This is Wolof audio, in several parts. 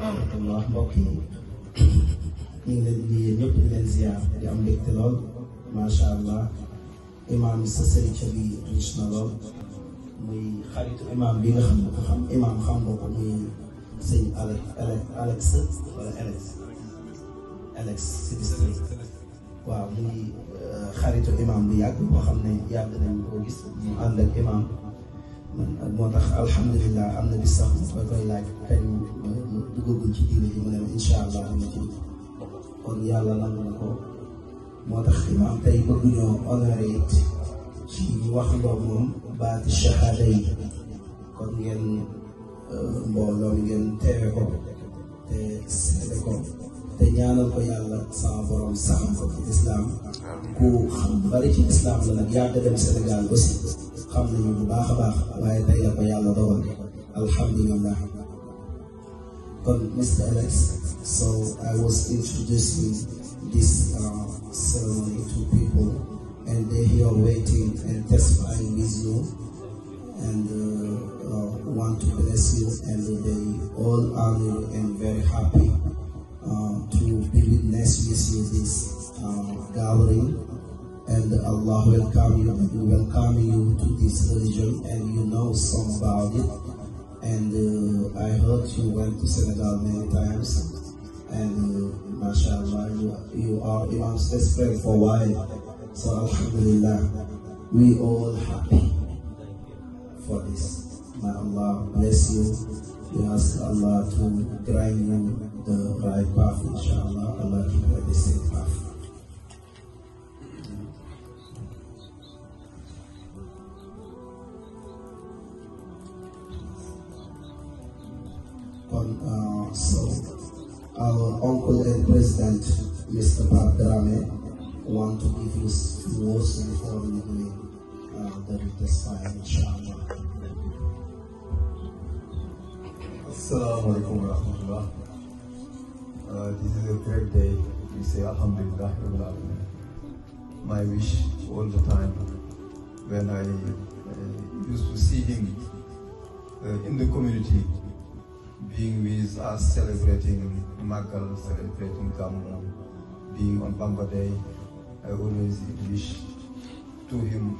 tabaraka allah mbokk yi ñu ngi leen di ñëpp di leen ziar di am mbégte lool macha allah imaam sa sëriñ ca bi riche na lool muy xaritu imaam bi nga xam ne ko xam imaam xam nga ko muy sëñ Alex Alex wala Alex Alex si district waaw muy xaritu imaam bu yàgg boo xam ne yàgg nañ koo gis mu ànd ak imaam moo tax alhamdulilah am na bis sax mu koy koy laaj kañ duggagul ci diine ji mu ne ma incha allah dama ci dugg kon na ko moo tax imaam tey bëgg ñoo wax ndoog moom baati shahada yi kon ngeen euh, mbooloo ngeen ko te seede ko te ñaanal ko yàlla sama borom sax ko islam ku xam bari islam la nag yàgg dem Sénégal xam nañu bu baax a baax waaye tey la ko yàlla dogal alhamdulillah Mr. Alex. So I was introducing this uh, ceremony to people and they're here waiting and testifying with you and uh, uh, want to bless you and they all are and very happy uh, to be witness with you this uh, gathering and Allah welcome you, welcome you to this religion and you know some about it and uh, I heard you went to Senegal many times, and uh, mashallah, you, you are Imam's best for a while. So alhamdulillah, we all happy for this. May Allah bless you. We ask Allah to guide you the right path, inshallah. Allah to you the same path. Uh, so, our uncle and president, Mr. Babdarame, want to give his words before we do uh, the retest inshallah. Assalamu alaikum wa uh, this is a great day. We say Alhamdulillah. My wish all the time when I uh, used to see him uh, in the community, are celebrating Magal, celebrating Gamu, being on Bamba Day, I always wish to him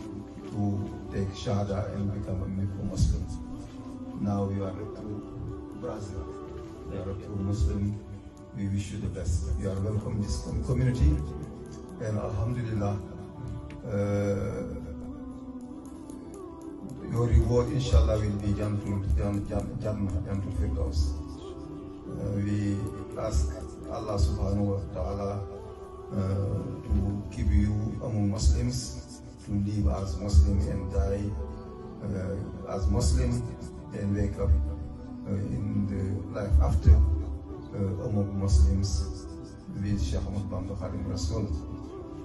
to take Shahada and become a Miko Muslim. Now we are a true Brazil, we are a true Muslim. We wish you the best. You are welcome in this community, and Alhamdulillah, uh, your reward, inshallah, will be Jantul Firdaus we ask Allah subhanahu wa ta'ala uh, to keep you among Muslims, to live as Muslim and die uh, as Muslim and wake up uh, in the life after uh, among Muslims with Sheikh Ahmad Rasul.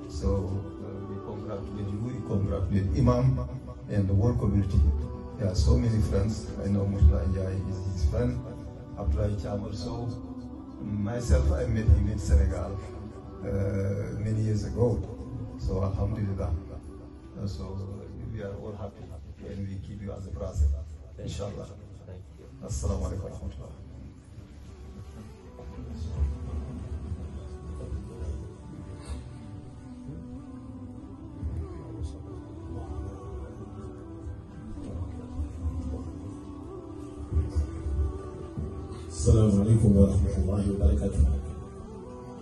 So uh, we congratulate you, we congratulate Imam and the whole community. There are so many friends. I know Mutla Njai is his friend. Abdoulaye Thiam also. Myself, I met him in Senegal uh, many years ago. So Alhamdulillah. Uh, so we are all happy and we keep you as a brother. Inshallah. Assalamu alaikum Assalamu alaikum wa rahmatullahi wa barakatuh.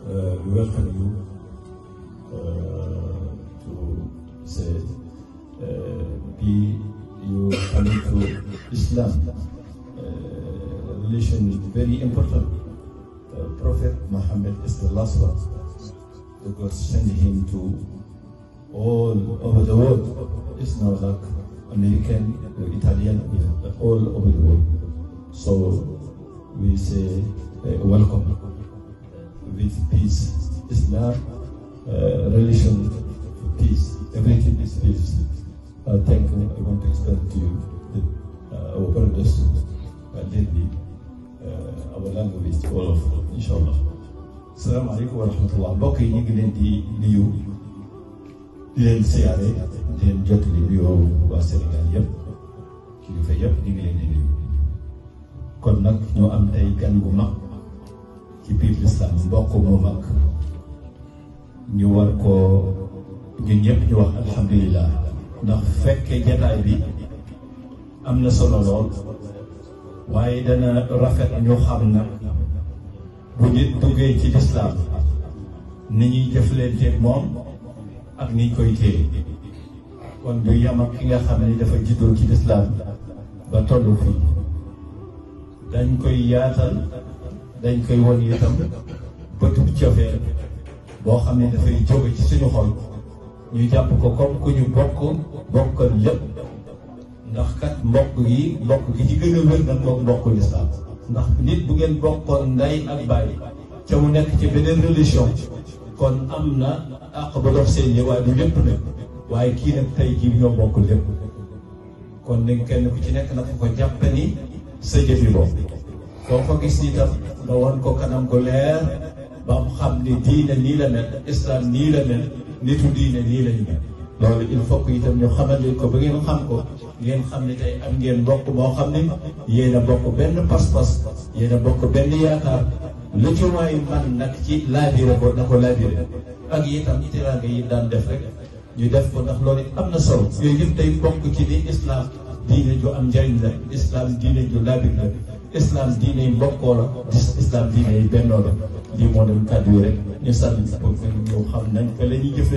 Uh, we welcome you uh, to say, uh, be you coming to Islam. Uh, relation is very important. Uh, Prophet Muhammad is the last one. God sent him to all over the world. It's not like American or Italian, all over the world. So we say uh, welcome with peace. Islam, uh, religion, peace, everything is peace. Uh, thank I want to extend to you that uh, our brothers uh, lead uh, our language, all of them, inshallah. Assalamu alaikum wa rahmatullah. mbokk yi di nuyu di leen siyaare di leen jot li nuyoo waa Sénégal yëpp kilifa di nuyu. kon nag ñoo am ay gan gu mag ci biir lislaam mbokk mu mag ñu war koo ñun ñëpp ñu wax alhamdulilah ndax fekke jataay bi am na solo lool waaye dana rafet ñu xam nag bu nit duggee ci lislaam ni ñuy jëflanteeg moom ak ni ñu koy téye kon du yam ak ki nga xam ne dafa juddoo ci lislaam ba tollu fii dañ koy yaatal dañ koy won itam bëtub cofeel boo xam ne dafay jóge ci suñu xol ñu jàpp ko comme ku ñu bokk bokkal lépp ndax kat mbokk gi mbokk gi ci gën a wér nag moom mbokku lislaam ndax nit bu ngeen bokkoon nday ak bàyyi ca mu nekk ci beneen religion kon am na àq ba dox seen waaye du lépp nag waaye kii nag tey jii ñoo bokk lépp kon nag kenn ku ci nekk na ko ko jàpp ni sa jëfi bopp soo ko gis itam nga wan ko kanam ko leer ba mu xam ne diine nii la mel islam nii la mel nitu diine nii lañu la loolu il faut que itam ñu xamal leen ko ba ngeen xam ko ngeen xam ne tay am ngeen bokk moo xam ne yéen a bokk benn pas-pas yéen a bokk benn yaakaar lu ci waay man nag ci laabire ko na ko laabire ak itam teraanga yi daan def rek ñu def ko ndax loolu am na solo yooyu yëpp tey bokk ci ni islam diine ju am njariñ la islam diine ju laabir la islam diine yi mbokkoo la islam diine yi bennoo la lii moo doon kàddu yi rek ñu sànni sa bopp ñëw xam nañ ko la jëfe